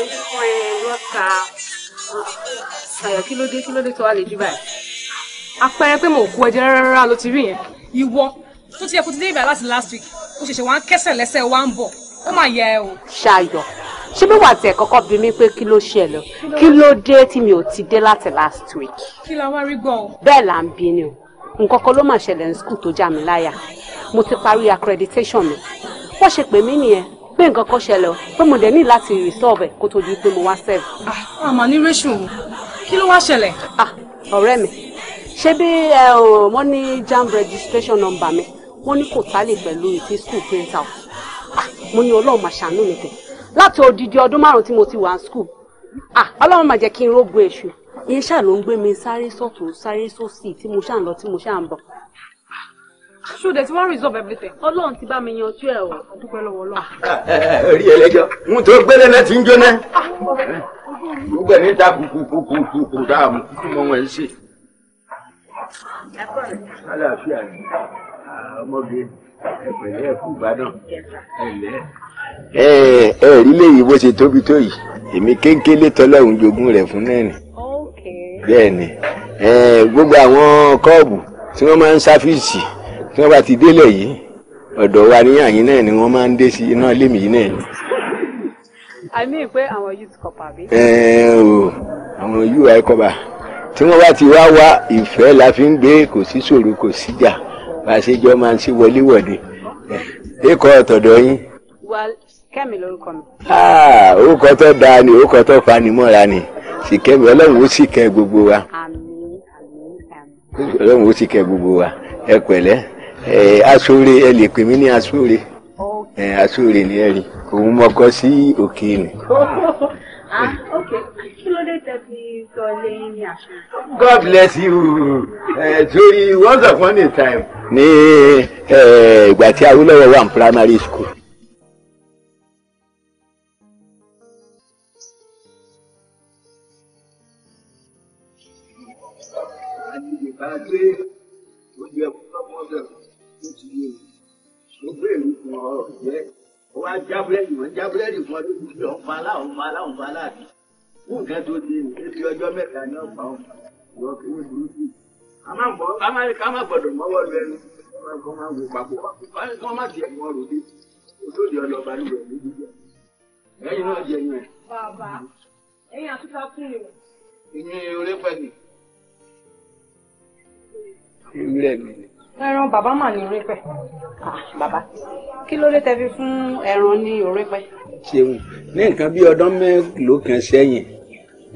ojú fún ẹ lọ́ta ṣàyọ̀ kí ló dé kí ló dé tó wà lè jí báyìí apẹ́rẹ́ pé mo kú ẹ̀jẹ̀ rárá ló ti rí yẹn ìwọ tó ti yẹ kó ti dé ibà láti last week ó ṣẹ̀ṣẹ̀ wá ń kẹ́sẹ̀ lẹ́sẹ̀ wá ń bọ̀ ó mà yẹ ẹ o. ṣàyọ̀ ṣé bí wàá tẹ̀ kọ́kọ́ bi mí pé kí ló ṣẹlẹ̀ kí ló dé tí mi ò ti dé láti last week. kí la wá rí gbọ́ o. bẹ́ẹ̀ là ń bi ni o nǹkan kan ló mà ṣẹlẹ̀ ní skul tó já mi láyà mo ti parí accreditation mi wọ́n ṣe pè mí nìyẹn pé nǹkan kan ṣẹlẹ̀ o pé mo dẹ̀ ní láti resolve ẹ̀ kó tó di pé mo wá serve. àmọ́ ah, ní rẹ́ṣù kí ló wá ṣẹlẹ̀. Ah, ọ̀rẹ́ mi ṣé bí wọ́n ní JAMB registration number mi wọ́n ní kò tálè pẹ̀lú ìtí school print out ah, mo ní ọlọ́run máa ṣàánú mi tẹ̀ láti odidi ọdún márùn-ún tí mo ti wà ní school ọlọ́run máa jẹ́ kí n rógbó èṣù ìyẹn ṣáà ló ń gbé mi sáré sọ̀tún sáré sósì tí mo ṣáà ń lọ tí mo ṣáà ń bọ̀ ṣùdẹ̀ tí wọ́n resolve everything. ọlọ́run ti bá mi yanjú ẹ̀ o. dúpẹ́ lọ́wọ́ ọlọ́run. rí ẹlẹ́jọ́ ń tó gbélé náà ti ń jóná. gbogbo ẹ̀ ní ta kùkùkùkùkù dáàmú kí mo wọ̀ ẹ́ sí. aláàfíà ni ọmọge ẹ̀pẹ̀lẹ́ ẹ̀kú ìbàdàn ẹ̀lẹ́. ẹ ẹ rí léyìí bó ṣe tóbi tó yìí èmi kéńkélé tọ́lọ́run jogún rẹ̀ fún náà ni. bẹ́ẹ̀ ni gbogbo àwọn kọ́ọ̀bù tí wọ́n máa ń sáfíìsì tí wọ́n bá ti délẹ̀ yìí ọ̀dọ̀ wa ní àyín náà ni wọ́n máa ń dé sí iná lémi yìí náà pé àwọn yìí bí. ẹ o àwọn ui kọ̀pà tí wọ́n bá ti wá wá ìfẹ́ la fi ń gbé kò sí kò bá ọ̀tọ̀dọ̀ yín. Kẹ́mi lórúkọ mi. Ah, orúkọ tó ni orúkọ tó ni ọlọ́run wa. ọlọ́run ó wa ẹ pẹ̀lẹ́. asore ẹ lè pè mí ní asore asore ni ẹ rí òun mọkọ sí òkè ni. Ah, God bless you. Torí uh, once upon a time. Ní ìgbà tí Awólọ́wọ̀ wà ní primary school. Thank you mo gbé ìlú fún ọ ọ̀jẹ́ wá jábúlẹ́ẹ̀dì wọ́n jábúlẹ́ẹ̀dì fún ọdún tó ń fa aláwọ̀ fa aláwọ̀ fa aláàbí fún nǹkan tó di ebi ọjọ́ mẹ́ta ní ọ̀pá ọ̀pá ìwọ kì í burúkú. ká má gbọ́dọ̀ mọ́wọ́ lu ẹnu kọ́ máa wo papò kọ́ má tiẹ̀ mọ́ ròdì tó di ìyẹn orí pẹ̀lú. ìrẹ́ ni ẹran bàbá mà ní orí pẹ ah, bàbá kí ló dé tẹbi fún ẹran ní orí pẹ. ṣeun ní nǹkan bíi ọdún mélòó kan sẹ́yìn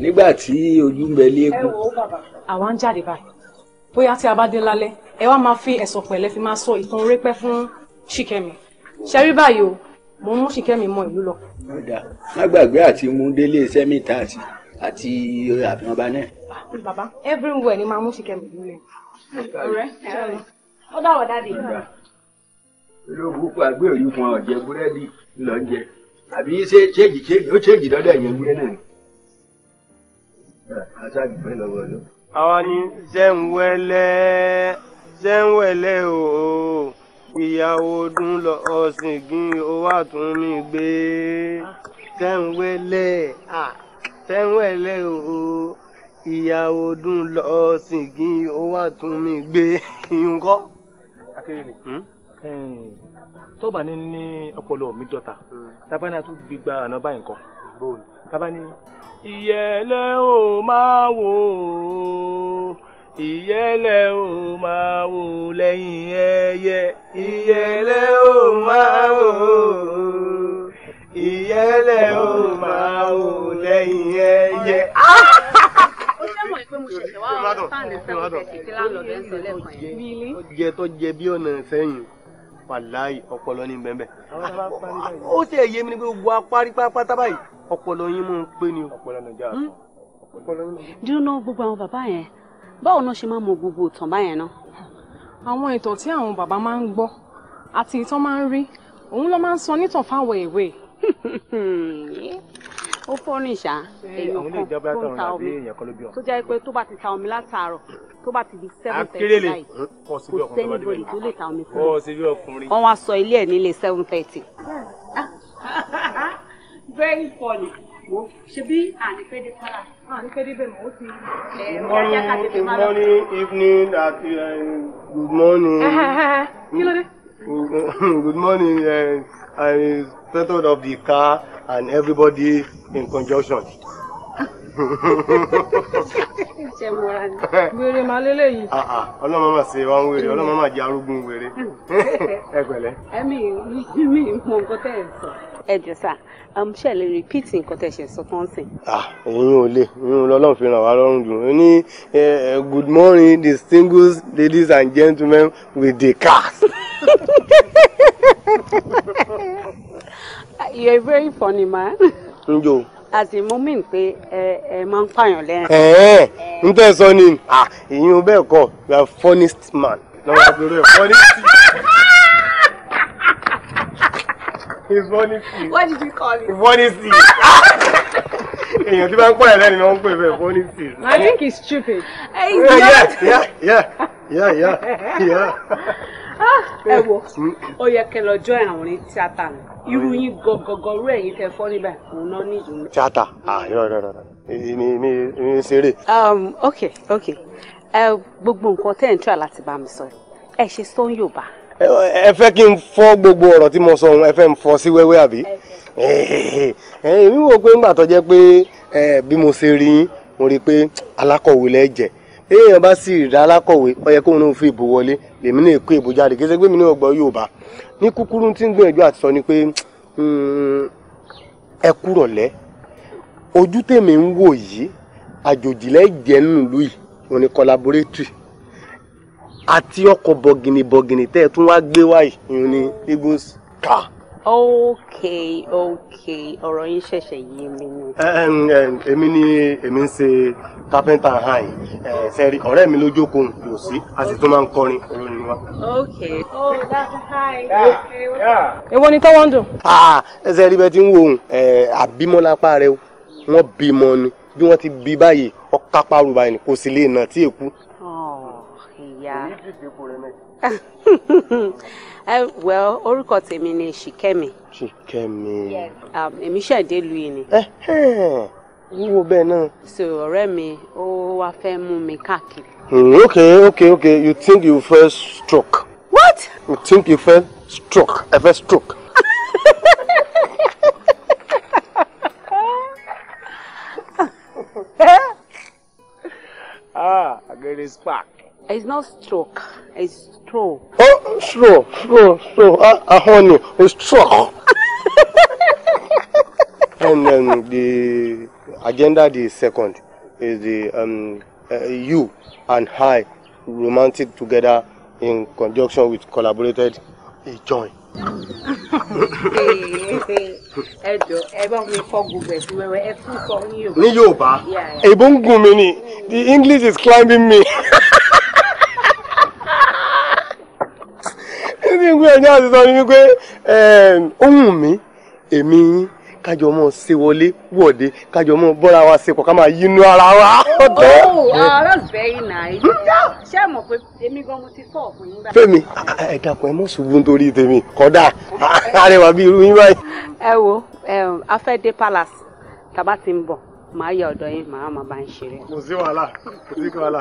nígbà tí ojú ń bẹ lé eku. ẹ wo bàbá àwa ń jáde báyìí bóyá tí a bá dé lálẹ́ ẹ wá máa fi ẹ̀sọ̀ pẹ̀lẹ́ fi máa sọ ìtàn orí pẹ́ fún ṣìkẹ́mi ṣẹ́rí báyìí o mo ń mú ṣìkẹ́mi mọ ìlú lọ. ọ̀dà má gbàgbé àti mú délé iṣẹ́ mi ta àti àti àfihàn bá náà. Ah, bàbá everywhere ni máa mú ṣìkẹ́mi nílẹ̀. ọ̀rẹ́ ẹ rẹ̀ ó dọ̀wọ̀ dáadé. olóògùn kó agbé òyìn fún ọ̀jẹ̀ búrẹ́dì lọ jẹ àbí ṣé ṣéèjì ṣéèjì ó ṣéèjì lọ́dọ̀ ẹ̀yẹ búrẹ́ náà aṣáájú pẹ́ lọ́wọ́ lọ. àwa ni sẹ́ńwẹ́lẹ́ sẹ́ńwẹ́lẹ́ o ìyàwó ọdún lọ ọ̀sìn gín owó àtúnmí gbé sẹ́ńwẹ́lẹ́ à sẹ́ńwẹ́lẹ́ o ìyàwó ọdún lọ ọ̀sìn gín owó àtúnmí gbé nǹkan. Hmm? Hmm. tó bá ní ní ọpọlọ mi dọ̀tà tábà náà tún gbígba àná báyìí nǹkan tábà ní. ìyẹlẹ ò máa wò ìyẹlẹ ò máa wò ó ẹyẹ ìyẹlẹ ò máa wò ìyẹlẹ ò máa wò ó ẹyẹ pé mo ṣẹ̀ṣẹ̀ wá ọ̀rọ̀ jẹ tó jẹ bí ọ̀nà sẹ́yìn wàláì ọpọlọ ní bẹ́ẹ̀ ah, ó ti ẹ̀yẹ mi ni pé gbogbo apárí pátá báyìí ọpọlọ yín mọ̀ ń pé ni. ọpọlọ náà hmm? gbogbo àwọn bàbá yẹn báwo náà ṣe máa mọ gbogbo ìtàn báyẹn náà. àwọn ìtàn tí àwọn bàbá máa ń gbọ́ àti ìtàn máa ń rí òun ló máa ń sọ nítàn fáwọn èwe. ó fọ́nrìn ṣá èèyàn kan tó ń ta omi tó jẹ́ pé tó bá ti ta omi látàárọ̀ tó bá ti di seven thirty láì kò sẹ́nibọ̀dì tó lè ta omi fún mi wá sọ ilé ẹ̀ nílé seven thirty. very funny wo ṣebí ànífẹ́dé para ànífẹ́dé bẹ̀rẹ̀ ó ti ẹ̀ẹ́dẹ́gbẹ̀rẹ̀ yàtàkẹ́tẹ̀ máa lọ. good morning evening at uh, good morning. kí ló dé. good morning uh, inspector of the car and everybody in conjunction. ṣe mọra ni wèrè máa lélẹ̀ ah, ah. ṣe wá ń wèrè ọlọ́mọ máa jẹ arúgbó wèrè. ẹ pẹ̀lẹ́. ẹ̀mí mi mọ nǹkan tẹ̀ ẹ̀ sọ ẹ jọ sá ṣe lè repeat nǹkan tẹ̀ ṣe sọ tán sìn. ìyún ah, ò lè ìyún lọ́lọ́run fi ràn wá lọ́rùn jù ú ní good morning distinguished ladies and gentlemen with the cast. you are very funny man. Njo. àti mo mí pé ẹ ẹ máa ń pààyàn lẹ́yìn. ẹ ẹ n tẹ sọ ni ah, ìyún bẹ́ẹ̀ kọ́ you are funniest man. lọ́wọ́ àpérò ẹ̀ funniest. It's Bonisi. What did you call it? Bonisi. èèyàn tí bá ń pọ̀ ẹ̀ lẹ́nu ni wọ́n ń pè bẹ́ẹ̀ Bonisi. I think he's stupid. Hey, yeah, yeah, yeah, yeah, yeah, yeah, yeah. ẹ wo hmm. ó yẹ kẹ́ lọ join àwọn orin tíátà ni irú yín gọgọgọrú ẹ̀yin tẹ́ fọ́ níbẹ̀ òun náà ní ìlú. tíátà ah yọrọ yọrọ mi mi mi ṣeré. Um, ok ok gbogbo nǹkan tẹ́ ẹ̀ ń tíra láti bá mi sọ ẹ ṣe sọ Yorùbá. ẹ fẹ́ kí n fọ́ gbogbo ọ̀rọ̀ tí mo sọ ohun ẹ fẹ́ n fọ́ sí wẹ́wẹ́ àbí èmi wò pé ńgbà tó jẹ́ pé bí mo ṣe rí mo rí i pé alákọ̀wé lẹ́jẹ̀ èèyàn bá sì rí alákọ̀wé ó yẹ fi ìbò wọlé lèmi náà kó ìbò jáde kí n ṣe pé mi ní kúkúrú tí ń gbìyànjú àti sọ ni pé hmm, ẹ kúrọ̀lẹ́ ojú tèmi ń wò yìí àjòjì nùlú yìí àti ọkọ̀ bọ̀gìnì bọ̀gìnì tẹ́ ẹ tún wá gbé wáyé ìrìn ní Lagos ká. ok ok ọ̀rọ̀ yín ṣẹ̀ṣẹ̀ yé mi ni. èmi ni èmi ń ṣe kápẹ́ńtà hàn sẹ́rí ọ̀rẹ́ mi ló jókòó yóò sí a sì tún máa ń kọrin olórin wa. ok oh that's high. èwo ni tọ́wọ́ ń dùn. ẹsẹ̀ rí bẹ́ẹ̀ tí ń wo òun àbímọ́lápá rẹ wọ́n bímọ ni bí wọ́n ti bí báyìí ọ̀kápá rúbáyìí kò sí lè nà tí èkú Yeah. Èyí ti dínkù rẹ náà. Well, orúkọ tèmi ni Ṣìkẹ́mi. Ṣìkẹ́mi. Um, èmi ṣẹ̀dé lu yìí ni. Wúwo bẹ́ẹ̀ náà. So ọ̀rẹ́ mi, ó wá fẹ́ mú mi káàkiri. Hmm, okay, okay, okay, you think you first stroke. What? You think you first stroke, I fẹ́ stroke. ah, agere spark. It's not stroke. It's stroke. Oh, stroke, stroke, stroke. Ah, ah, honey, it's stroke. and um, the agenda, the second, is the um, uh, you and I romantic together in conjunction with collaborated a joint. ẹ jọ ẹ bá mi kọ gbogbo ẹ fún wẹ́wẹ́ ẹ tún kọ ní Yorùbá. ní Yorùbá èbó ń gún mi ni the English is climbing me. ní ìgbé ẹ̀jẹ̀ àti sọ ni wípé ohun ehm, mi èmi kájọ mọ ṣe wọlé wọ̀de kájọ mọ bọ́ra wa ṣe pọ̀ ká máa yínú ara wa. Oh, oh that's very nice. ṣé ẹ mọ̀ pé èmi gan mo ti sọ ọ̀pọ̀ yín báyìí. fẹ́mi ẹ dákun ẹ mọ̀ ṣubú nítorí tèmi kọ́dà arẹwà bíi irú yín báyìí ẹ wo a fẹ́ dé palace tàbá ti ń bọ̀ màá yà ọ̀dọ̀ yín màá máa bá ń ṣeré. kò sí wàhálà kò sí wàhálà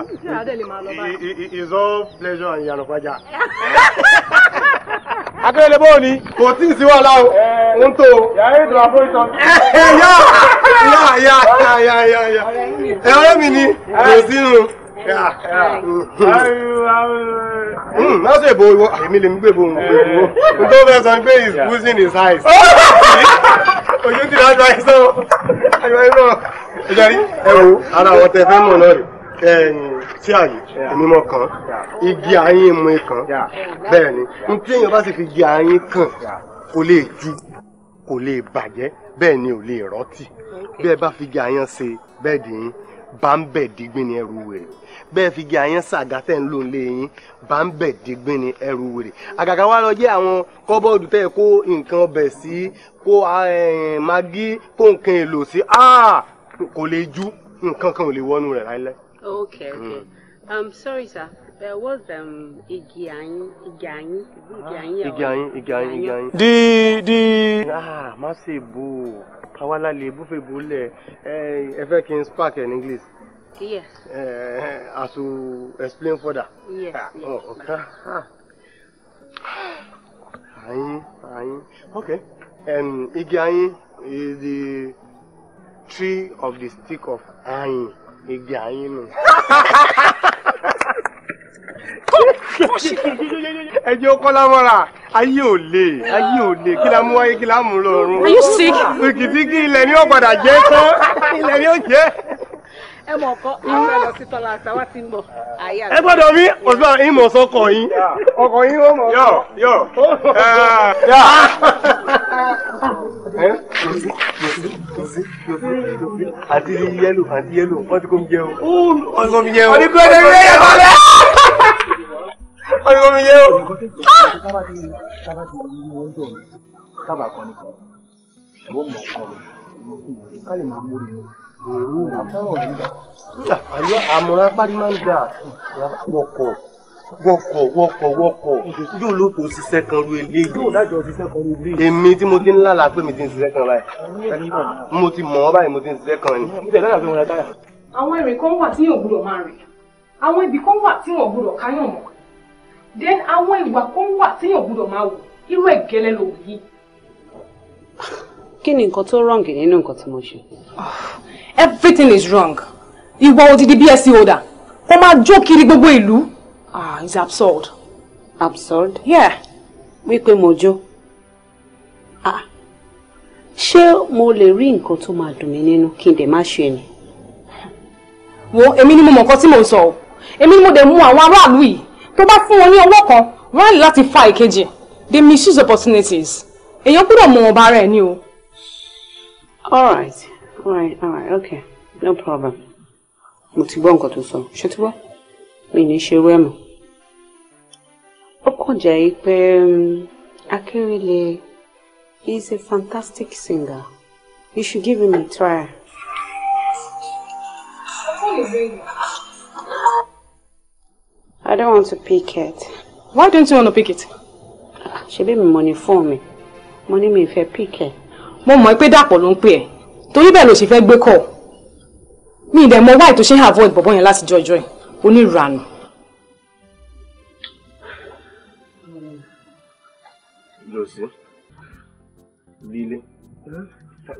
it's all pleasure and yànnàfàjà. akérèlé bó o ní. kò tí ì sí wàhálà o ń tó o. yàrá ètò àfọwọ́sọ. yà yà yà yà yà ẹ ọ̀rẹ́ mi ni kò sínú má ṣe bo ìwọ èmi lè a boy. bo ìwọ n tó fẹ́ sọ pé he is losing his eyes ojú ti lájọ àìsàn àjọ àìsàn ẹjọ rí ẹ Hello. ara àwọn tẹ fẹ́ mọ̀ náà rè tí àyè onímọ̀ kan igi àyín mu kan bẹ́ẹ̀ ni n tí èèyàn bá sì fi igi àyín kan kò lè ju kò lè bàjẹ́ bẹ́ẹ̀ ni ò lè rọ́tì bí ẹ bá fi igi àyàn ṣe bẹ́ẹ̀ dì í bá ń bẹ̀ dígbìn ní ẹrù wèrè bẹ́ẹ̀ fi gé àyàn ṣàgá tẹ̀ ń lò ń lé yín bá ń bẹ̀ dégbé ni ẹrù wèrè àgàgà wa lọ jẹ́ àwọn kọ́bọ́ọ̀dù tẹ́ kó nǹkan ọbẹ̀ sí kó eh, magi kó nǹkan èlò sí ah! kò lè ju nǹkan kan ò lè wọnú rẹ̀ láíláí. okay okay mm. um, sorry sir there uh, was um, igi ayin igi ayin igi ayin igi ayin igi ayin igi ayin. di di. ah má ṣe bò ó àwa la lè búfèbò lẹ ẹ eh, ẹ fẹ́ kí n spark in English. Yes. Uh, as you explain further. Yes. Ah, yes. Oh, okay. Ah. Ayin, ayin. Okay. And igi is the tree of the stick of ayin. Igi ayin. ẹjẹ ó kọ́lá mọ́ra ayé ò lè ayé ò lè kí la mú wáyé kí la mú lọ́rùn. are you sick. òkìtì kí ilẹ̀ ni ó padà jẹ́ tán ilẹ̀ ni ó jẹ́ ẹ mọ̀ kọ́ afẹ́ lọ sí tọ́lá àtàwọn ti ń bọ̀ àyà. ẹ gbọ́dọ̀ rí òṣùpá ìmọ̀ sọkọ yín. ọkọ yín ó mọ̀. yọ yọ yà. àti yẹlò àti yẹlò wọ́n ti kó mi jẹun. ọ̀sán mi jẹun. ọ̀nì kúrẹ́dẹ̀ mi yẹ kọ́ lẹ́. ọ̀nì kó mi jẹun. kábàkọ́ ni kọ́ ẹ̀wọ́n mọ̀ ọ́ kọ́ mi ká lè máa mórí mi àmúra parí máa ń dà wọkọ̀ wọkọ̀ wọkọ̀ wọkọ̀ yóò ló kò ṣiṣẹ́ kan ru eléyìí. yóò dájọ́ ṣiṣẹ́ kan ru eléyìí. èmi tí mo ti ń lálàá pé mi ti ń ṣiṣẹ́ kan báyìí mo ti mọ̀ ọ́ báyìí mo ti ń ṣiṣẹ́ kan ni. àwọn ìrìn kan wà tí yóò gbúdọ̀ máa rìn àwọn ibì kan wà tí wọn gbúdọ̀ káyàn mọ́ then àwọn ìwà kan wà tí yóò gbúdọ̀ máa wò irú ẹ̀ lòun yìí kí ni nǹkan wrong nínú nǹkan tí mo ṣe. Ah, everything is wrong ìwọ odidi bsc holder kó máa jó kiri gbogbo ìlú ah it's absurd. absurd. yeah. wípé mo jó ah ṣé mo lè rí nǹkan tó máa dùn mí nínú kí n dẹ̀ má ṣe ni. wo èmi ni mo mọ nǹkan tí mò ń sọ o èmi ni mo dẹ̀ mú àwọn aráàlú yìí to bá fún wọn ní ọwọ́ kan wọ́n á fa ìkejì they misuse opportunities èèyàn gbọ́dọ̀ mọ ọba rẹ̀ ni o all right all right all right okay no problem mo ti gbọ́ nǹkan tó sọ ṣé ti gbọ́ mi ní ṣe wẹ́mù ó kàn jẹ́ pé um, Akérèlé is a fantastic singer you should give him a try. I don't want to pick it. Why don't you want to pick it? ṣebí mi mo ní fóònù mi mo ní mi fẹ́ pick it mo mọ̀ pé dàpọ̀ ló ń pè ẹ́ torí bẹ́ẹ̀ ló ṣe fẹ́ gbé kọ̀ mi ì dẹ̀ mọ wáì tó ṣe ń avoid bọ̀bọ̀ yẹn láti jọjọ́ ẹ̀ onírànù. jòsí líle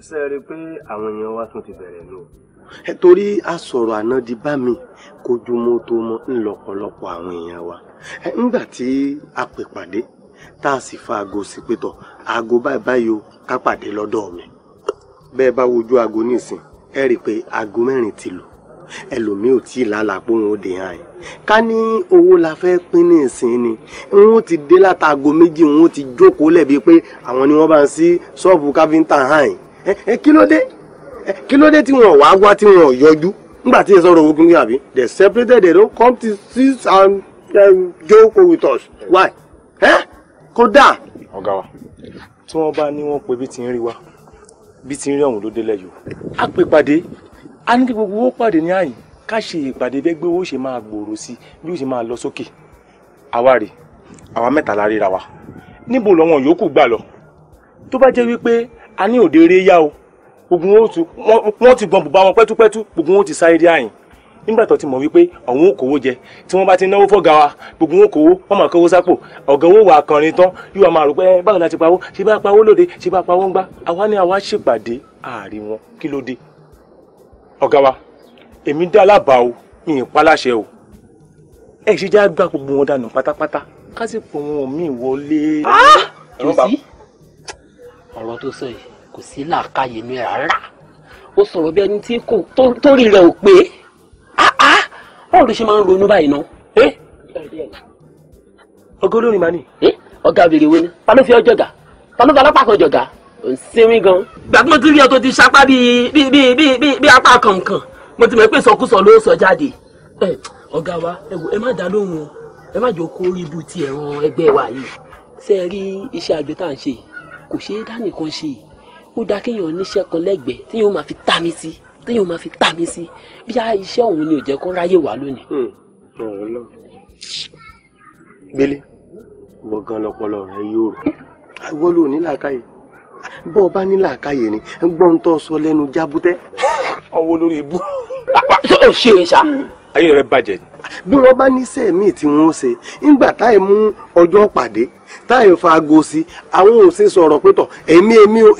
ṣe rí i pé àwọn èèyàn wa tún ti bẹ̀rẹ̀ lò. torí a sọ̀rọ̀ àná di bá mi kojú mo tó mọ ńlọ́pọ̀lọpọ̀ àwọn èèyàn wa nígbà tí a pè pàdé tá a sì fa aago sí pé tọ̀ aago báyìí báyìí o ká pàdé lọ́dọ̀ mi bẹ́ẹ̀ bá wojú aago nísìn ẹ rí i pé aago mẹ́rin ti lù ẹlòmíì ò tí ì lálàpò òun ò dè hàn ẹ ká ní owó la fẹ́ pín ní ìsìn ni òun ti dé látago méjì òun ti jókòó lẹ́bi pé àwọn ni wọ́n bá ń sí ṣọ́ọ̀bù káfíńtà hàn ẹ kí ló dé kí ló dé tí wọn wàá wá tí wọn yọjú nígbà tí ẹ sọ̀rọ̀ owó kíkún àbí they separated they don't come to see and um, joke with us why. Eh? kódà ọ̀gá wa tí wọ́n bá ní wọ́n pe bí ti ń rí wa bí ti ń rí ọ̀hún ló délẹ̀ yìí á pè pàdé a ní kí gbogbo owó pàdé ní àyìn ká ṣe ìpàdé bẹ́gbẹ́ owó ṣe máa gbòòrò sí bí ó ṣe máa lọ sókè àwa rè àwa mẹ́ta la ríra wa níbo lọ́wọ́n yòókù gbà lọ tó bá jẹ́ wípé a ní òde eré yá o gbogbo wọn ti gbọn bùbá wọn pẹ́túpẹ́tú gbogbo wọn ti sáré dé àyìn nígbà tó ti mọ̀ wípé àwọn òkòwò jẹ tí wọ́n bá ti náwó fọ́gà wa gbogbo wọn kòwó wọ́n máa kówó sápò ọ̀gá owó wà kànrin tán yóò máa rò pé ẹ eh, báwo la ti pawó ṣe bá pawó lóde ṣe bá pawó ń gbá àwa ni àwa ṣèpàdé ààrẹ wọn kí ló dé. ọ̀gá wa èmi dá alábàá o mi ì paláṣẹ o ẹ ṣe já gbà gbogbo wọn dànù pátápátá ká sì pọ̀ wọn mi wọlé. ọ̀rọ̀ tó sọ yìí kò sí làákàyè mi rárá ó sọ̀rọ̀ bí ẹni tí kò tó rí rẹ̀ ò pé Ah, ah. báwo ló ṣe máa ń ronú báyìí ná. Eh? ọgá olórin màá ní. Eh? ọgá obìnrin wo ni ta ló fi ọjọ́ gà ta ló fi alápá kan jọ̀gà ò ń sinmi gan. ìgbà tí mo ti rí ọ tó ti sapá bíi bíi bíi bíi bíi apá kànkàn mo ti mọ̀ pé sọkúsọ ló sọ jáde. Eh, ọ̀gá wa ẹ wò ẹ má dá lóhùn o ẹ má jọ kó rí ibu ti ẹ̀ràn ẹgbẹ́ wa yìí. ṣé ẹ rí iṣẹ́ àgbẹ̀ tá à ń ṣe kò ṣeé dá nìkan ṣe ó dáa kéèyàn níṣẹ́ kan lẹ́gbẹ̀ẹ́ téèyàn máa fi ta mi sí téèyàn máa fi tà mí sí bí a iṣẹ́ òun ni ò jẹ́ kó ráyè wá lónìí. Hmm. gbélé gbọ̀ngàn lọpọlọ rẹ yóò rọ àìwọ́ ló ní làákàyè bọ́ ọ bá ní làákàyè ni gbọ́n tó sọ lẹ́nu jábútẹ́. ọwọ́ lórí ibú. ṣé o ṣe é ṣá. ayé rẹ bàjẹ́ ni. bí wọ́n bá níṣẹ́ míì tí wọ́n ṣe ńgbà táì mú ọjọ́ pàdé táì fa aago sí àwọn ò ṣe èmi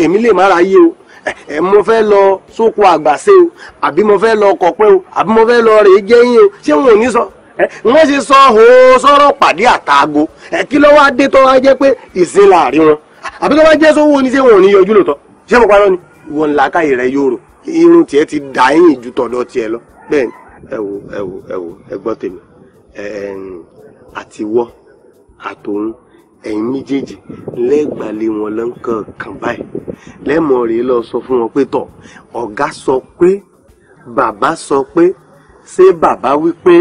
èmi lè má ra yé o ẹ eh, eh, mo fẹ́ lọ sóko àgbàṣe o àbí mo fẹ́ lọ kọ̀pẹ́ o àbí mo fẹ́ lọ rèé jẹ́yìn o ṣé wọn ò ní sọ eh, wọ́n ṣe sọ hoo sọ̀rọ̀ pàdé àtàgò kí ló wá dé tó wá jẹ́ pé ìsìn láàrin wọn àbí tó wá jẹ́ sówó ní ṣé wọn ò ní yọjú lòtọ́ ṣé mo parọ́ ni wọn làákàyè rẹ yóò rò irun tiẹ̀ ti dà yín ju tọ̀dọ̀ tiẹ̀ lọ bẹ́ẹ̀ ni ẹ wo ẹ wo ẹ wo tèmi ẹ ẹ àtiwọ́ àtòun ẹ̀yin méjèèjì lẹ́gbàlé wọn lọ́nkàn kan báyìí lẹ́mọ̀ rèé lọ sọ fún wọn pé tọ̀ ọ̀gá sọ pé bàbá sọ pé ṣé bàbá wí pé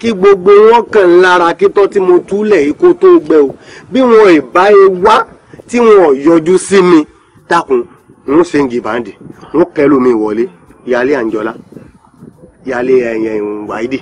kí gbogbo wọn kàn lára kí tọ́ tí mo túlẹ̀ yìí tó gbẹ o bí wọn ì bá e wá tí wọn ò yọjú sí mi dákun wọn ṣe ń jìbàǹdì wọn kẹlòmíì wọlé ìyáálé àǹjọlá ìyáálé ẹ̀yìn wáìdì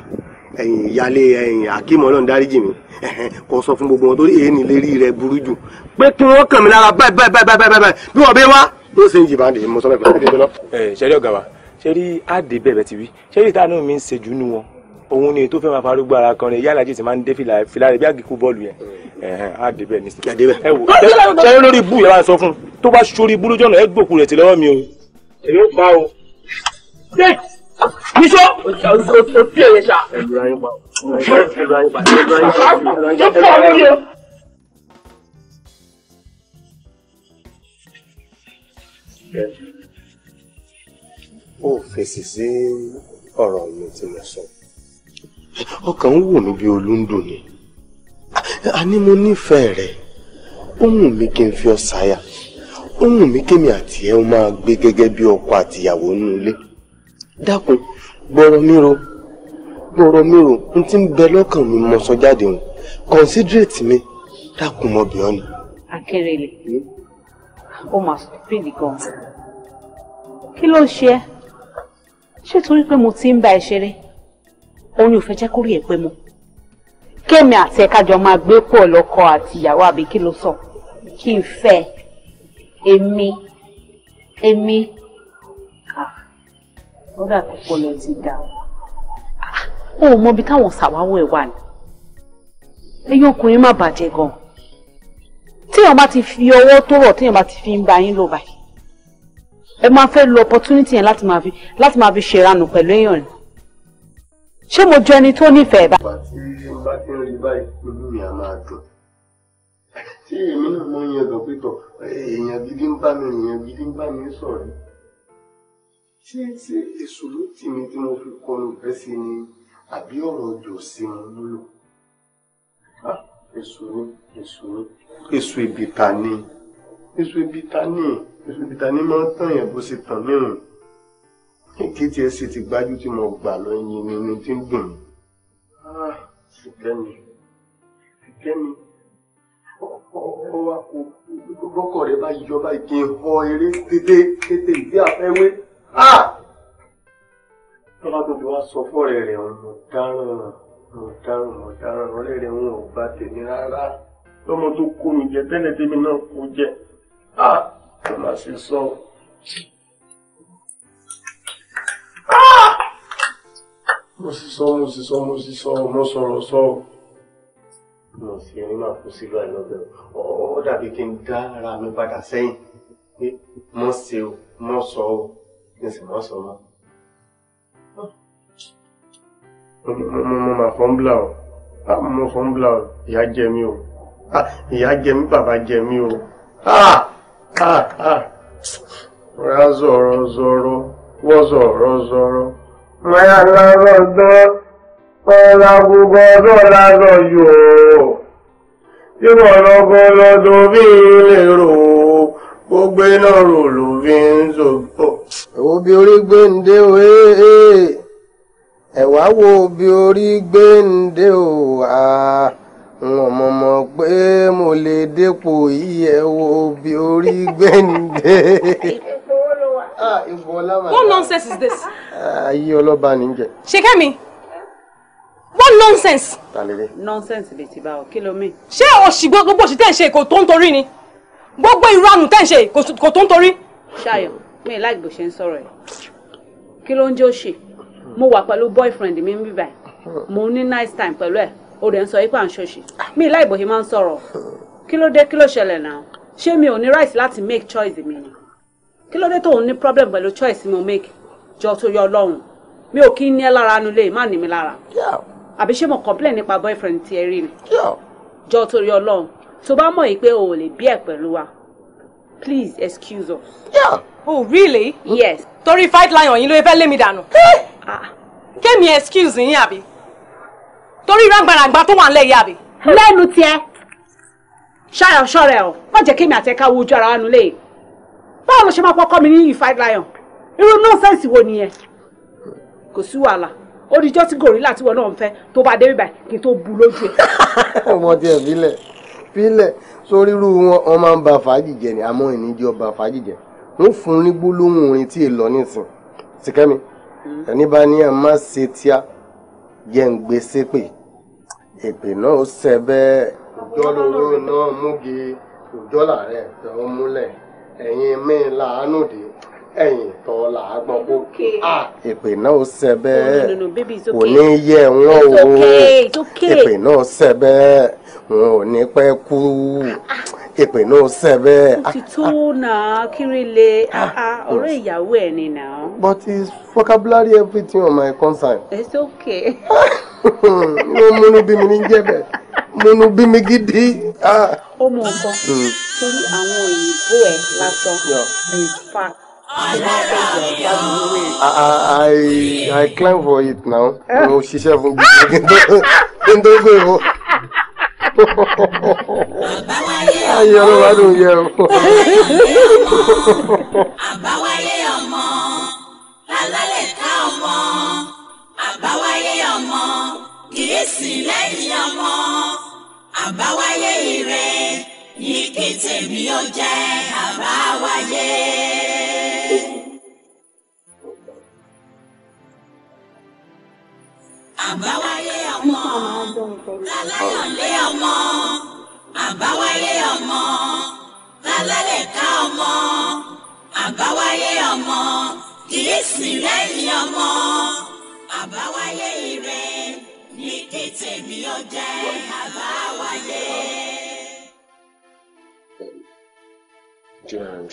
ẹ̀yìn ìyálé ẹ̀yìn akim ọlọ́run dáríjì mi kò sọ fún gbogbo wọn torí èyí ni lérí rẹ burú jù pé kí wọ́n kàn mí lára báyìí báyìí báyìí báyìí báyìí bí wọ́n bẹ wá ló ṣe ń jì báńdì mo sọ fẹ́ pẹ̀lú ìdíjọ́ náà. ẹ ṣẹ́rí ọ̀gá wa ṣẹ́rí àdè bẹ̀rẹ̀ ti wí ṣẹ́rí ìta náà mi ń ṣe jù wọn òun ni tó fẹ́ máa farúgbó ara kan rẹ̀ yálà jì sí máa ń dé fìlà rẹ̀ bí àgìkú bọ́ọ̀lù yẹn àdè bẹ́ẹ̀ ní sí. ẹ wò ṣẹ́rí lórí ibú yẹn sọ fún tó bá ṣorí ibú ẹ gbòkú rẹ̀ ti lọ́wọ́ mi o. èyí ó bá o níṣó o fi èyẹ ṣá. tó pọ̀ lóye. ó fèsì sí ọ̀rọ̀ mi tí mo sọ ọkàn ń wò mí bí olúndùn ni a ní mo nífẹ̀ẹ́ rẹ̀ ó wù mí kí n fi ọ ṣáyà ó wù mí kémi àti ẹ máa gbé gẹ́gẹ́ bí ọkọ àtìyàwó nínú ilé dákun gbọ́rọ̀ mi ro gbọ́rọ̀ mi ro n ti ń bẹ lọ́kàn mi mo sọ jáde hùn considerate mi dákun mọ bìọ́ ni. akérèlé hmm? ó mà stupid gan kí ló ń ṣe ẹ́ ṣé torí pé mo ti ń bá ẹ ṣeré orin ò fẹ́ jẹ́ kórìí ẹ pé mo kémi àti ẹ̀ka jọ máa gbé pọ̀ lọ́kọ àti ìyàwó àbí kí ló sọ kí n fẹ́ èmi èmi ọ̀dà tó pọlọ ti dà ó ò mọbi táwọn ṣàwáwọ̀ ẹ̀ wà ní ẹ̀yin ọkùnrin má bàjẹ́ gan téèyàn bá ti fi ọwọ́ tó rọ̀ téèyàn bá ti fi ń ba yín lọ báyìí ẹ máa fẹ́ lo opportunity yẹn láti máa fi láti máa fi ṣèrànù pẹ̀lú èèyàn rẹ̀ ṣé mo jọ ẹni tó nífẹ̀ẹ́ bá. tí èmi náà mọ ìyẹn dọ̀ èèyàn gidi ń bá mi èèyàn gidi ń bá mi sọ̀rọ̀ ṣé ṣé èso ló tì mí tí mo fi kọnu ìfẹ́ sí ni àbí ọ̀rọ̀ ọjọ́ sí mi lólò ah, èso ni èso ni èso ìbìtà ni èso ìbìtà ni èso ìbìtà ni máa ń tàn yẹn bó ṣe tàn míràn kí tiẹ̀ sì ti gbájú tí mo gbà lọ yin ni ni tí ń dùn mí. Ah, fìkẹ́mi fìkẹ́mi ọwọ́ kò gbọ́kọ̀ rẹ bá yọ báyìí kí n họ eré tètè tètè ìdí àfẹ́wé. Ah! tọ́lá tó ti wá sọ fún ọ̀rẹ́ rẹ̀ ọ̀nà dáràn ọ̀nà dáràn ọ̀nà dáràn ọ̀rẹ́ rẹ̀ ń ò bá tèmi rárá lọ́mọ tó kó mi jẹ tẹ́lẹ̀ tèmi náà kó jẹ kó ah! má ṣe sọ. Ah! mo sì sọ mo sì sọ mo sì sọ mo sọ̀rọ̀ sọ mo sì ẹni máa kú sílò àìlọ́bẹ̀ ó dàbí kí n dá ara mi padà sẹ́yìn mo ṣe mo sọ kí n sì má sọ mọ́. mo máa fọ́n bla o ah, mo fọ́n bla o ìyá jẹ mí o ah, ìyá jẹ mí bàbá jẹ mí o ah, rà zọ̀rọ̀ zọ̀rọ̀ wọ́ zọ̀rọ̀ zọ̀rọ̀ máyà lọ́rọ̀ dán ọ̀la gbogbo ọdún lálọ́ yòó yóò lọ́gọ́ lọ́dún bí ilé rò ó ó gbé rò ló fi ń zògbò. wo bí orí gbé ń dé o ee eh, eh. ẹ̀wá wo bí orí gbé ń dé o a n ò mọ̀ mọ̀ pé mo lè dépò yìí ẹ̀ wo bí orí gbé ń dé. Ah, what nonsense is this? Ah, ayé ọlọ́ba ní jẹ. Ṣèkẹ́mi, what nonsense? Nonsense lè ti bá ọ, kí ló mí? Ṣé òṣìgbọ́n gbogbo òṣìṣẹ́ ìṣe èkó tó ń torí ni? gbogbo ìranù tẹ́ ń ṣe kò tó ń torí. ṣayọ mi láì bó ṣe ń sọ̀rọ̀ ẹ kí ló ń jẹ́ òṣì mo wà pẹ̀lú boyfriend mi ń bíbà mo ní nice time pẹ̀lú ẹ̀ o rẹ̀ ń sọ ipá ń ṣòṣì mi láì bó ṣe máa ń sọ̀rọ̀ kí ló dé kí ló ṣẹlẹ̀ náà ṣé mi ò ní right láti make choice mi ni kí ló dé tó ń ní problem pẹ̀lú choice mo make jọ tó yọ ọlọ́run mi ò kí ń ní ẹ lára nu lè má ní lára àbí ṣé mo complain nípa boyfriend ti ẹ rí ni jọ tó yọ ọlọ́run tó bá mọ̀ yìí pé o ò lè bí ẹ̀ wa please excuse us. Yeah. oh really. yes. torí fight lion yín ló fẹ́ lé mi dànù. Ah. kémi excuse yín àbí torí rágbàràgbà tó wà ń lẹ̀ yìí àbí. lẹ́nu tiẹ̀ ṣayọ̀ ṣọ́rẹ̀ ọ̀ má jẹ́ kémi àtẹ́ká wojú ara wa nulẹ̀ báwo ló ṣe máa pọ́kọ́ mi ní fight lion irú nọ́ọ̀sẹ̀nsì wo nìyẹn kò sí wàhálà ó di jọ́sí gòrílà tí wọn náà ń fẹ́ tó bá dé bíbá kí n tó bu lójú ẹ̀. ọmọdé ẹ̀ bílẹ̀ filẹ̀ sórí irú wọn wọn máa ń ba fàájì jẹ ni àmọ́ ìníjẹ ọba fàájì jẹ wọn fún un ní gbólóhùn orin tí èèlọ nìsín sìkẹ́mi hmm. ẹni bá ní ẹ má ṣe tíá yẹ ń gbé sépè èpè náà ó ṣẹ bẹ́ẹ̀. òjò lóró náà múgi òjò làárẹ̀ tẹ̀ ọ́ múlẹ̀ ẹ̀yin mi làánú dé ẹ̀yìn tọ́ là á gbọ́n kó èpè náà ó ṣẹ bẹ́ẹ̀ oh, kò ní yẹ wọ́n o èpè náà ṣẹ bẹ́ẹ̀ wọn ò ní pẹ́ kú èpè náà ṣẹ bẹ́ẹ̀. ó ti tó náà Kirele ah, ah, ah, ọ̀rẹ́ ìyàwó ẹ̀ ni náà. but his vocabulary everything on my concern. it's okay. mo múnú bí mi ní jẹ́ bẹ́ẹ̀ múnú bí mi gidi. ó mú nǹkan mm. torí àwọn òyìnbó ẹ̀ lásán in fact I, I, I climb for it now. No, eh. she fún gbogbo kí n tó gbé o. Ayé ọlọ́wà ló ń yẹ o. Àbáwáyé ọmọ, lálálẹ̀ ká ọmọ, àbáwáyé ọmọ, kìí sìn lẹ́yìn ire, ní kí tèmi àbáwáyé ọmọ lálàyọ̀lé ọmọ àbáwáyé ọmọ lálẹ́lẹ̀ká ọmọ àbáwáyé ọmọ kìí sì lẹ́yìn ọmọ àbáwáyé ire ní kí tèmi ó jẹ́ àbáwáyé.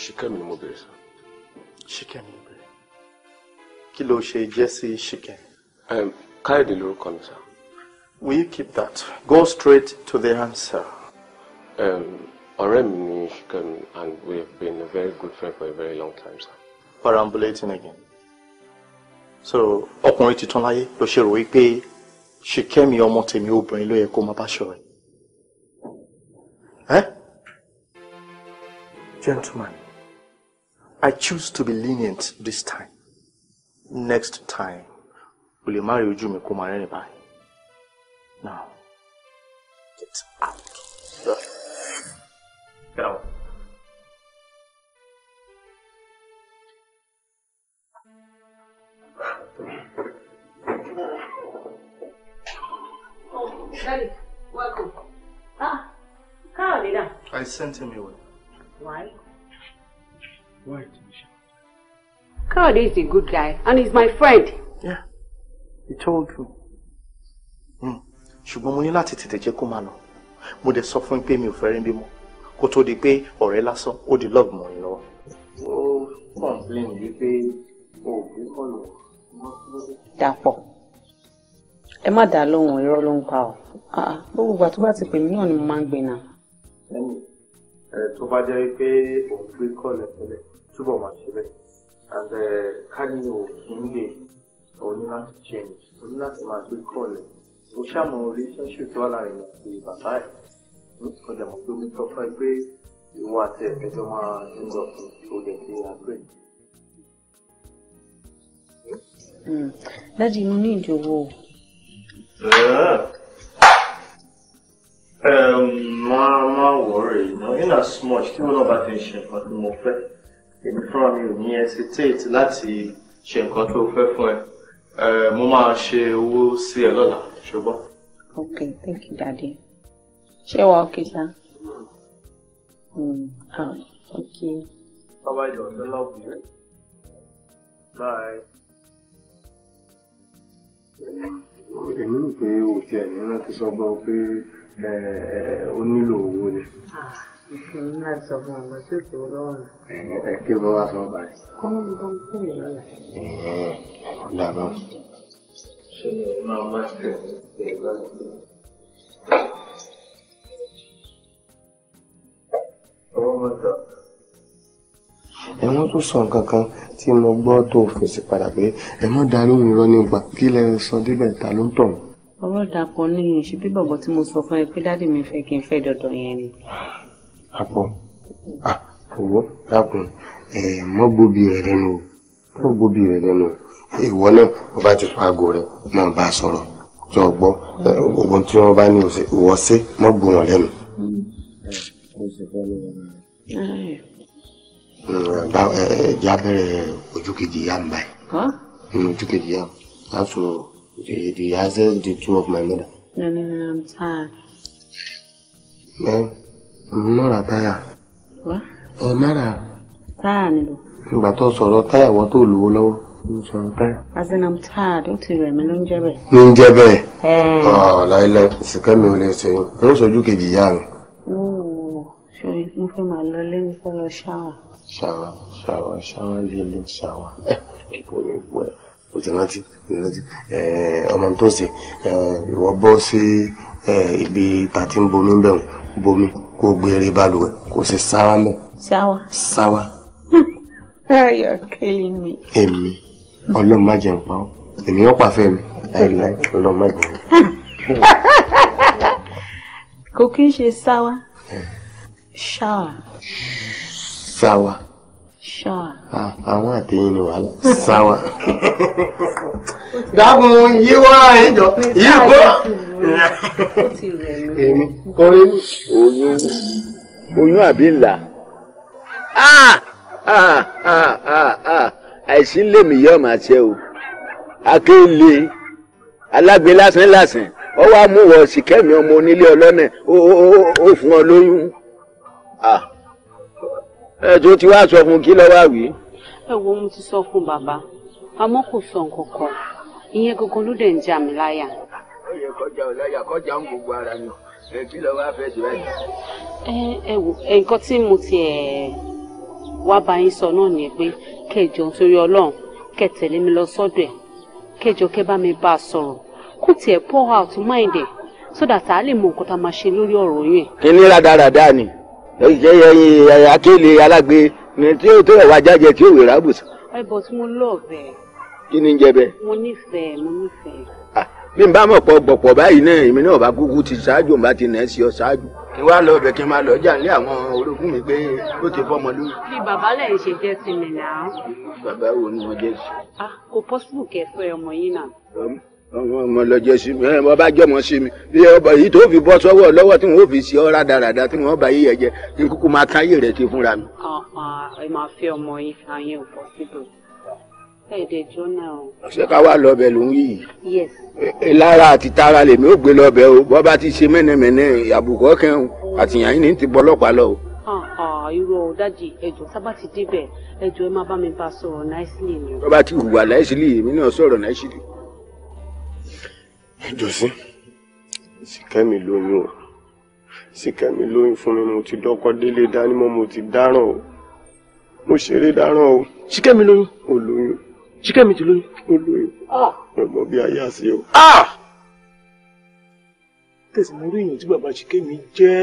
ṣìkẹ́mi ni mo bèrè sọ. ṣìkẹ́mi ni mo bèrè kí ló ṣe jẹ́ sí ṣìkẹ́mi. Káyọ̀dé lórúkọ mi sá. Will you keep that? Go straight to the answer. Um, ọ̀rẹ́ mi ni Ṣìkẹ́mi and we have been a very good friend for a very long time sir. Parambulating again. So ọkùnrin tuntun láyé ló ṣe rò wípé Ṣìkẹ́mi ọmọ tèmi obìnrin ló yẹ kó máa bá ṣọ̀rẹ́. Eh? Gentlemen, I choose to be lenient this time. Next time o lè má rí ojú mi kó máa rẹ́rìn báyìí now get out. Get out. Oh, Daddy, welcome. Ah, Carolina. I sent him away. Why? Why, Tanisha? Carl is a good guy and he's my friend. Yeah. He told you. Hmm. Ṣùgbọ́n mo ní láti tètè jẹ́ kó máa lọ. Mo dẹ̀ sọ fún pé mi ò fẹ́ rí bí Kó tó di pé ọ̀rẹ́ lásán ó di lọ́ọ̀bù mọ́ yín lọ́wọ́. Ó kọ̀ǹpléènì wípé o ò gbé kọ́lù. Dàpọ̀ ẹ má dà á lóhùn irọ́ ló ń pa ọ́. Ah, ah, gbogbo ìgbà tó bá ti pè mí náà ni mo máa ń gbé náà. Tó bá jẹ́ pé òun gbé kọ́lù ẹ̀ tẹ́lẹ̀ túbọ̀ máa ṣe bẹ́ẹ̀. Àbẹ̀ eh, ká ní òun lè o ní láti change o ní láti máa gbé kọ́ọ̀lù o ṣàmọ̀ relationship tó wà láàrin àti bàbá ẹ̀ o dẹ̀ mọ̀ pé mi sọ fún ẹ pé ìwọ àti ẹ̀fẹ́ tó máa ń lọ o dẹ̀ ti àgbẹ̀. dájú inú ní ìdòwò. máa máa wọ̀ọ́rẹ̀ in as much tí wọn náà bá ti ń ṣe nǹkan tí mo fẹ́ èmi fúnra mi ò ní hesitate láti ṣe nǹkan tó fẹ́ fún mo máa ṣe owó sí ẹ lọ́la ṣùgbọ́n. ok thank you daddy ṣé wàá ok sá. bàbá ìjọ ọ̀sẹ̀ lọ́ọ̀bù yẹn. bye. èmi rò pé òkè ẹ̀ ní rántí sọ́gbọ́n pé ó nílò owó ni. Ah. Ìpínlẹ̀ sọ fún ọgbà tí kò rọrùn. Ẹ kí ló wá sọ báyìí? Kọ́mọ́ mi bá ń fún mi lọ́la. Ẹ̀ẹ́ dàbọ̀. Ṣé o máa máa tẹ̀lé lọ́la? Ọwọ́ mọ́tò ẹ wọ́n tún sọ nǹkan kan tí mo gbọ́ tó fèsì padà pé ẹ mọ́ da lóhùn irọ́ nípa kí lẹ sọ débẹ̀ ta ló ń tọ̀. ọ̀rọ̀ dàpọ̀ ní ìṣe bí tí mo sọ fún ẹ pé dádì mi fẹ́ kí n fẹ́ dọ̀dọ̀ yẹn ni àpọ̀ àwọ̀ dákun mọ́ gbóbi rẹ̀ lẹ́nu o mọ́ gbóbi rẹ̀ lẹ́nu o ìwọ náà wọ́n bá ti pa aago rẹ̀ máa bá a sọ̀rọ̀ tó o gbọ́ ogun tí wọ́n bá ní o ṣe ìwọ ṣe mọ́ gbó wọn lẹ́nu. ẹja bẹ̀rẹ̀ ojú kejì yá ń báyìí ojú kejì yá that's all the hazard the two of my mother. no no no i'm mọ́ra táyà. ẹ mọ́ra. táyà nílò. ìgbà tó sọ̀rọ̀ táyà wọ́n tó lówó lọ́wọ́ ló sọ̀rọ̀ táyà. azinam táyà tó ti rẹ̀ mí ló ń jẹ́ bẹ́ẹ̀. ló ń jẹ́ bẹ́ẹ̀. Eh. láìláì sìkẹ́ mi ò lè ṣe é ń sojú kejì ìyá mi. mo fẹ́ máa lọ lé mi fẹ́ lọ ṣáwà. ṣáwà ṣáwà ṣáwà líle ṣáwà ẹ̀ ẹ̀ kò ní gbọ́ ẹ̀ o ti rántí rántí eh, ọmọ tó ń ṣe eh, ìwọ bọ́ sí ibi tá a ti ń bomi bẹ́ẹ̀ bomi kó gbé eré balùwẹ̀ kó sì sáwá mọ́. sáwá. sáwá. you're killing me. èmi ọlọ́run má jẹun pa ọ́ èmi yóò pàfẹ́ mi láìláì ọlọ́run má jẹun. kò kí n ṣe sáwá. ṣáwá. sáwá ah àwọn àtẹ̀yìn ni wàhálà sáwà. dábùn yí wá ìjọ yí bọ́. èmi kọ́lé ní oyún oyún àbí là ah, ah, ah, àìsí lèmi yọ ọmọ àti ẹ o akéèlé alágbé lásán lásán ọ wá mú wọ síkẹ́mi ọmọ onílé ọlọ́nà ó fún ọ lóyún. Ah ẹ tó ti wá sọ fún kí lọ wá wí. ẹ wo mo ti sọ fún bàbá àmọ́ kò sọ nǹkan kan ìyẹn gangan ló dẹ̀ ń jà mí láyà. ó yẹ kọjá ò láyà kọjá ń gbogbo ara ni ẹ kí lọ wá fẹsẹ̀ báyìí. ẹ ẹ wo nǹkan tí mo ti ẹ wá bá yín sọ náà ni pé kẹjọ nítorí Ọlọ́run kẹ́ tẹ̀lé mi lọ sọ́dọ̀ ẹ kẹjọ kẹ́ bá mi bá a sọ̀rọ̀ kó tiẹ̀ pour out mind ẹ so that a lè mọ nǹkan tá a máa ṣe lórí ọ̀rọ̀ yẹn. kí ni rádaràda ni ẹyìn akéèlé alágbe ni tí ó tó ẹwà jájẹ tí ó wèrè àbùsà. ẹ bọ̀ tí mo lọ bẹ́ẹ̀. kí ni ń jẹ bẹ́ẹ̀. mo nífẹ̀ẹ́ mo nífẹ̀ẹ́. bí n bá mọ̀ pọ̀ gbọ̀pọ̀ báyìí náà èmi náà bá kúkú ti ṣáájú n bá ti nà ẹ́ sí ọ ṣáájú. kí wàá lọ ọbẹ̀ kí n máa lọ ọjà nílé àwọn orogún mi pé ó ti fọmọ lórí. bí bàbá lẹ̀ ṣe jẹ́ sí náà. bàbá wo ni mo jẹ́ sí. ah kò pọ́sibù kẹfẹ́ ọmọ yín náà ọmọ ọmọ lọjọ sí mi ẹ ọba jọmọ sí mi bí ọba yìí tó fi bọ́ sọ́wọ́ lọ́wọ́ tí wọn fi ṣe ọ rádaràda tí wọn bá yíyẹ jẹ kí n kúkú máa káyè rẹ ti fúnra mi. ẹ máa fẹ́ ọmọ yín ayé ò bọ́ síbò ẹ̀ẹ́dẹ̀ jóná o. ṣé ká wá lọ́bẹ̀ ló ń yìí. yes. lára àti tara lèmi ò gbé lọ́bẹ̀ o bọ́ bá ti ṣe mẹ́nẹ̀mẹ́nẹ́ àbùkọ́ kẹ́hìn àtìyàn yín ní ti bọ́ ọlọ́pàá lọ o. irọ́ dájì ẹjọ́ sábà ti débẹ̀ ẹjọ́ ẹ má bá mi bá sọ̀rọ̀ náísìlì ni. bọ́ bá ti hùwà náísìlì èmi náà sọ̀rọ̀ náísìlì jọ́sí síkẹ́mi lóyún o síkẹ́mi lóyún fún mi mo ti dọ́kọ́ délé dánimọ̀ mo ti dáràn o mo ṣeré dáràn o. síkẹ́mi lóyún. o lóyún. síkẹ́mi ti lóyún. o lóyún. Ah! mo mọ bí ayé àṣẹ o. Ah! tẹ̀sí mo rí èèyàn tí bàbá síkẹ́mi jẹ́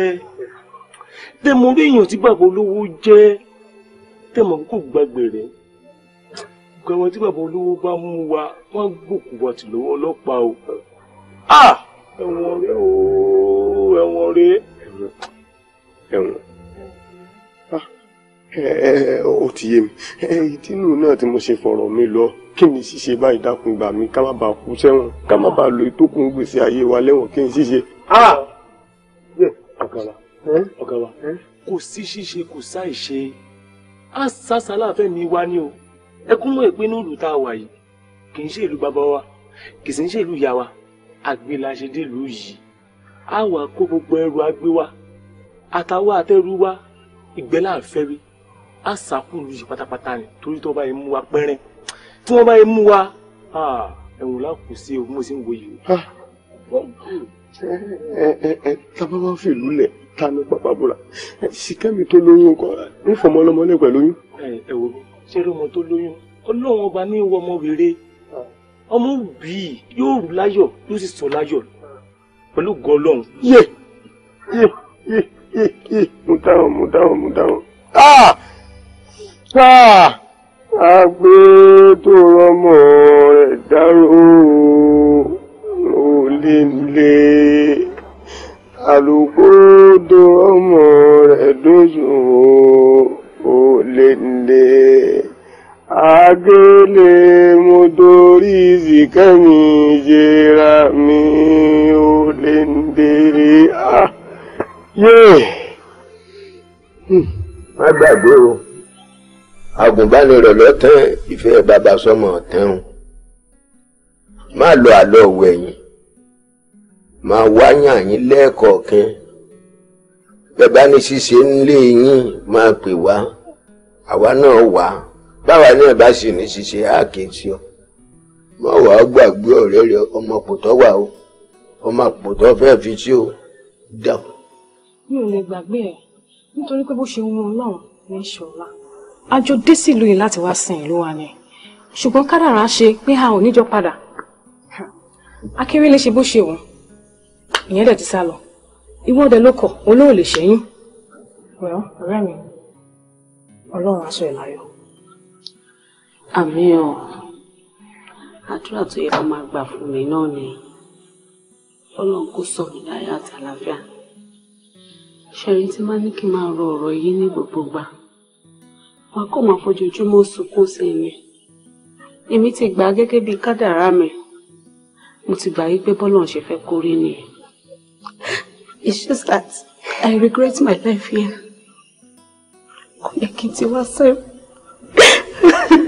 tẹ mo rí èèyàn tí bàbá olówó jẹ́ tẹ mọ̀ kó gbàgbé rẹ̀ gbàgbọ́n tí bàbá olówó bá mú wa wọ́n gbòkú wa tì lọ́wọ́ ọlọ́pàá o ẹ̀wọ̀n rẹ ooo ẹ̀wọ̀n rẹ ẹ̀wọ̀n ó ti yé mi ìdínú náà tí mo ṣe fọ̀rọ̀ mi lọ kí ni ṣíṣe báyìí dákun ìgbà mi ká má bàa kú sẹ́wọ̀n ká má bàa lo ìtókùn gbèsè ayé wa lẹ́wọ̀n kí n ṣíṣe. ọ̀gá wa ọ̀gá wa kò sí ṣíṣe kò sáì ṣe àṣàṣàlà fẹ́ mi wá ní o ẹkún mọ̀ ìpinnu ìlú tá a wà yìí kì í ṣe ìlú bàbá wa kì í ṣe ìlú ìyá wa àgbẹ̀ la ṣe délùú yìí á wà kó gbogbo ẹrù agbé wa àtàwọn àtẹrù wa ìgbẹ́ là ń fẹ́ rí á sàkúrú yìí pátápátá ni torí tí wọ́n bá yẹ mú wa pẹ́rẹ́ tí wọ́n bá yẹ mú wa ẹ̀wọ̀n là kù sí o bí mo sì ń wo yìí o. ẹ ẹ ẹ tábà wá fìlú lẹ̀ tanu pápá bùrà síkẹ́mi tó lóyún kọ́ ń fọmọ ọlọmọ lẹ̀ pẹ̀lú yín. ẹ ẹ wo ṣé ló mọ tó lóyún ọlọ́run ọba ní ìwọ ọmọ ọmọ bí yóò rú láyọ̀ yóò sì sọ láyọ̀ pẹ̀lú gọlọ́hún yé yé yé yé yé mo dáhùn mo dáhùn mo dáhùn. agbe ah! ah! tó rọmọ rẹ̀ dárò ó lé lé àlùkò tó rọmọ rẹ̀ dójú ó lé lé. Agele mo dorí ìzìká mi yẹra mi ò ah, hmm. gbàgbé o, agùnbánirọ̀ lọ́tàn ìfẹ́ bàbá sọmọ ọ̀tán Má lọ àlọ́ wẹ̀yìn, má wáyàn yín lẹ́ẹ̀kọ̀ọ̀kan. Bẹ́ẹ̀ bá ní ṣíṣe ńlé yín pè wá, àwa náà wà báwa náà bá sì ní ṣíṣe àkejì ọ mọ wàá gbàgbé ọ̀rẹ́ rẹ ọmọ pòtọ wà o ọmọ pòtọ fẹẹ fi tí o dàn. mi ò lè gbàgbé ẹ nítorí pé bó ṣe wọn Ọlọ́run ní ṣọlá àjọ dé sílùú yìí láti wá sìn ìlú wa ni ṣùgbọ́n kádàrá ṣe pé a ò níjọ padà akérèlé ṣe bó ṣe wọn ìyẹn dẹ̀ ti sá lọ ìwọ́n dẹ̀ ló kọ̀ olóòlè ṣẹ́yìn ọ̀rẹ́ mi Ọlọ́run aṣọ ìlàyọ̀ àmì ọ àdúrà tó yẹ kó máa gbà fún mi náà ni Ọlọ́run kò sọ mí láyé àtàlàfíà ṣẹrin tí máa ní kí n máa rọ ọ̀rọ̀ yìí ní gbogbo gbà wọn kò máa fojoojúmọ́ sunkún sí mi èmi ti gbà gẹ́gẹ́ bíi kádàrá mi mo ti gbà yí pé bọ́lá ṣe fẹ́ kórí ni it's just that I regret my life here kò yẹ kí n ti wá sẹ́wọ̀n.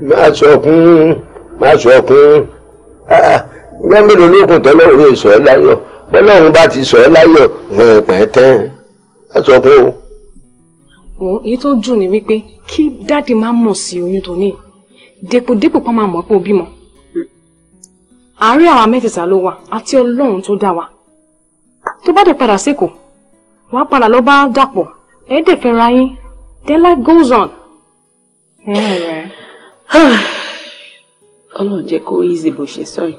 má sọkún má sọkún ah, gbẹ́mìlì olókùn tọ́lọ́ òun èso ẹ̀ láyọ̀ bọ́lá òun bá ti sọ ẹ́ láyọ̀ wọ́n pẹ̀ tán má sọkún o. wọn èyí tó jù ní wípé kí dáàdi máa mọ̀ sí oyún tó ní dépòdépò pa máa mọ̀ pé o bímọ. àárẹ̀ àwa mẹ́tẹ̀ẹ̀ta ló wà àti ọlọ́run tó dá wa tó bá dẹ̀ padà sékòó wàá padà lọ bá dàpọ̀ ẹ̀ yín then life goes on. Yeah, ọlọ́run jẹ́ kó easy bó ṣe sọ yìí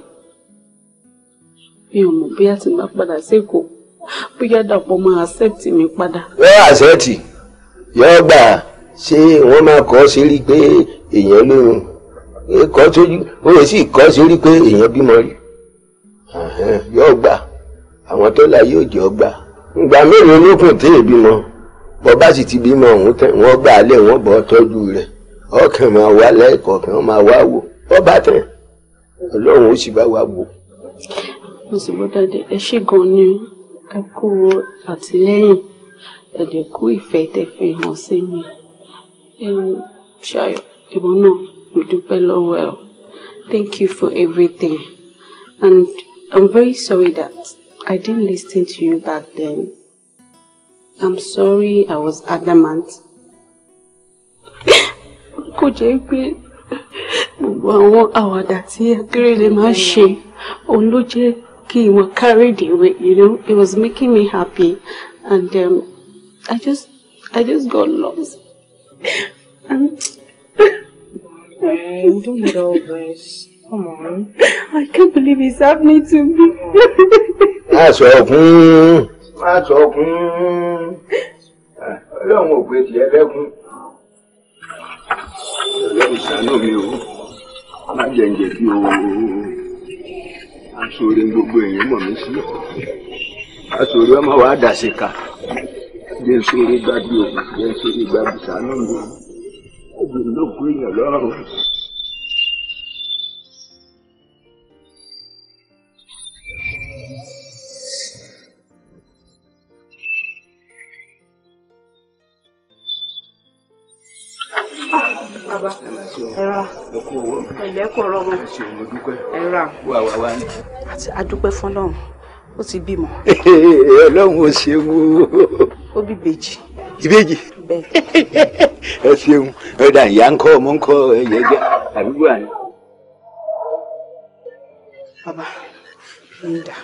mi ò mọ̀ bóyá tí n padà sékòó bóyá dàpọ̀ máa mi padà. yóò accept yóò gbà ṣé wọ́n máa kọ́ rí pé èèyàn lóyún kọ́ sójú ó sì kọ́ ṣe rí pé èèyàn bímọ rí yóò àwọn tó yóò gbà ti bímọ òun wọ́n gbà á wọ́n bọ́ ọkàn máa wá lẹ́ẹ̀kọ̀ọ̀kan máa wá wò ọba tán ọlọ́run ó sì bá wa wò. mo sì bọ́ dáadé ẹ ṣe gan ni ẹ kú àtìlẹ́yìn ẹ̀dẹ̀ kú ìfẹ́ tẹ̀fẹ́ hàn sí mi ṣayọ ìwọ náà mo dúpẹ́ lọ́wọ́ ẹ thank you for everything and i'm very sorry that i didn't listen to you back then i'm sorry i was adamant kò jẹ́ pé gbogbo àwọn àwàdà tí akérèlé máa ṣe òun ló jẹ́ kí wọ́n carried away you know it was making me happy and um, I just I just got lost. and um, don't need this. Come on. I can't believe it's happening to me. That's ọkùn. That's ọkùn. Ọlọ́run ò pè tiẹ̀ lẹ́kùn ọlọ́run ṣàánú mi o má jẹ̀ǹjẹ̀ bí o aṣọre gbogbo èèyàn mọ̀ mí sí aṣọre ọmọ wa dàṣeka jẹ́ sórí gbàgbé o jẹ́ sórí gbàgbé ṣàánú mi o ó bì lóko èèyàn lọ́rùn. ẹ̀rà ẹ̀lẹ́ kò rọrùn ẹ̀rà àti adúpẹ́ fọlọ́run ó ti bímọ. ọlọ́run ò ṣeun o. ó bí ìbejì. ìbejì. ẹ ṣeun ọ̀dà ìyá ń kọ́ ọmọ ń kọ́ ẹ̀yẹ jẹ́ àdúgbò àná. bàbá ń dà.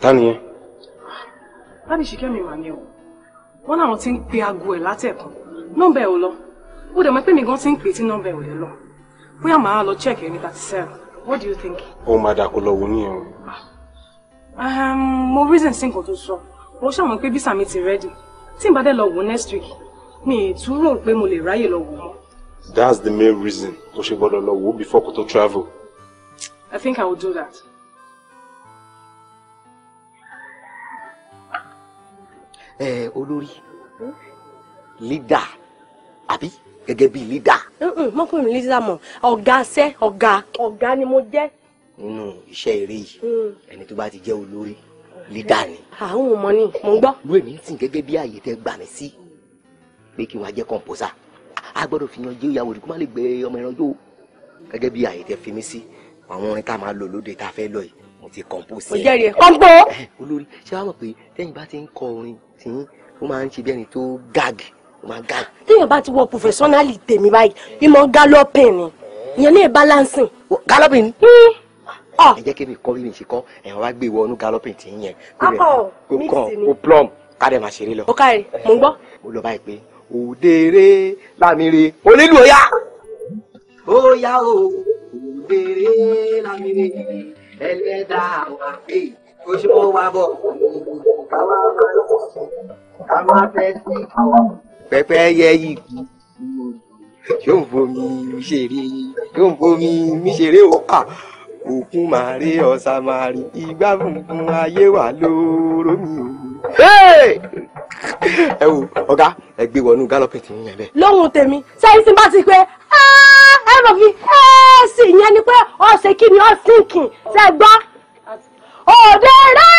ta ni ẹ. láti ṣe kẹ́mi màmí o wọ́n láwọn ti ń pe aago ẹ̀ látẹ̀kùn nọ́mbà ẹ̀ ò lọ ó dẹ̀ mọ̀ pé mi gan ti ń pè tí nọ́mbà ẹ̀ ò lè lọ bóyá màá lọ check ẹ̀ ní thirty seven what do you think. ó máa dà kó lọ wo nìyẹn o. Ehm, mo reason sí nǹkan tó sọ mo ṣàmọ̀ pé visa mi ti ready tí n bá dẹ̀ lọ wò next week mi ì tún rò pé mo lè ráyè lọ wò mọ́. that's the main reason tó ṣe gbọ́dọ̀ lọ wò before kó tó travel. I think I will do that. Eh, Olori Leader. Abi gẹ́gẹ́ bí leader. Mo pè mí leader mo. Oga se, Oga. Oga ni mo jẹ́. Nínú iṣẹ́ eré yìí, mm. ẹni tó bá ti je Olori leader ni. Àwọn ọmọ ni, mo ń gbọ́. Lóye mi ń sìn gẹ́gẹ́ bí ààyè tẹ gbà mí sí pé kí composer. A gbọ́dọ̀ fi yan jẹ́ ìyàwó rẹ̀ kó má lè gbé ọmọ ìrànjọ́ gẹ́gẹ́ bí ààyè tẹ fi mí sí àwọn orin tá a máa lò lóde tá a fẹ́ lọ yìí mo ti compose. o jẹ́rìí kọ́ńpó. Eh, olórí ṣé wàá mọ̀ pé tẹ́yìn bá ti ń kọ orin tí ó máa ń ṣe bí ẹni tó gàgì ó máa gà. téèyàn bá ti wọ professionally tèmi báyìí bí mo gálọ́pìn ni ìyẹn ní balancing. gálọ́pìn ni hmm. ah. ẹ jẹ́ kí mi kọ́ bí mi ṣe kọ́ ẹ̀yàn wá gbé ìwọ ọ̀nù galloping ti yẹn kó rẹ̀ ah, oh, kó kàn kó plum kárẹ̀ máa ṣeré lọ. ó kárẹ̀ mò ń gbọ́. mo lọ báyìí pé bèrè lámìrè ẹlẹ́dàá wa oṣù wa bọ̀ àwọn akẹ́kọ̀ọ́ àwọn akẹ́kọ̀ọ́ pẹpẹ yẹ yìí kú yóò fomi mi ṣeré yóò fomi mi ṣeré o. Ah! òkun máa rí ọ̀sà máa rí igbá funfun ayé wà lóró mi o. ẹ wo ọ̀gá ẹ gbé wọnú gálọ́pẹ̀tì ń yẹn bẹ́ẹ̀. lóhun tèmi sẹ́yìn tí bá ti pé ah, ẹ lọ fi ẹ́ẹ̀sì yẹn ni pé ọ̀sẹ̀ kí ni ọ̀sìnkì ṣe gbọ́. òde rẹ̀.